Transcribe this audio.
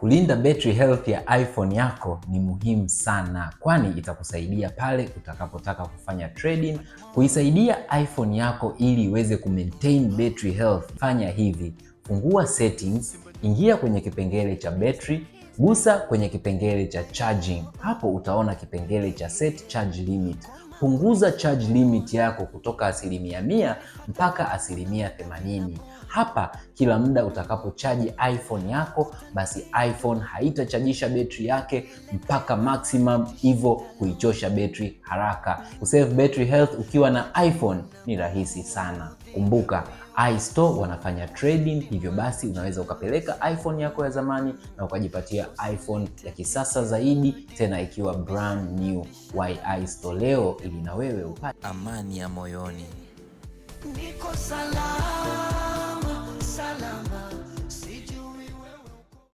Kulinda battery health ya iPhone yako ni muhimu sana, kwani itakusaidia pale utakapotaka kufanya trading. Kuisaidia iPhone yako ili iweze maintain battery health, fanya hivi: fungua settings, ingia kwenye kipengele cha battery, gusa kwenye kipengele cha charging. Hapo utaona kipengele cha set charge limit punguza charge limit yako kutoka asilimia mia mpaka asilimia themanini. Hapa kila muda utakapochaji iPhone yako, basi iPhone haitachajisha betri yake mpaka maximum, hivyo kuichosha betri haraka. Kusave battery health ukiwa na iPhone ni rahisi sana. Kumbuka iStore wanafanya trading, hivyo basi unaweza ukapeleka iPhone yako ya zamani na ukajipatia iPhone ya kisasa zaidi, tena ikiwa brand new. Why iStore leo ili na wewe upate amani ya moyoni. Niko salama.